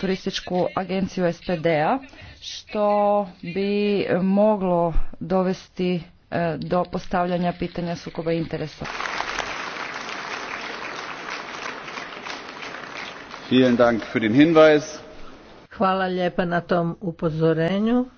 turističku agenciju SPD-a što bi moglo dovesti e, do postavljanja pitanja sukoba interesa. Hvala lijepa na tom upozorenju.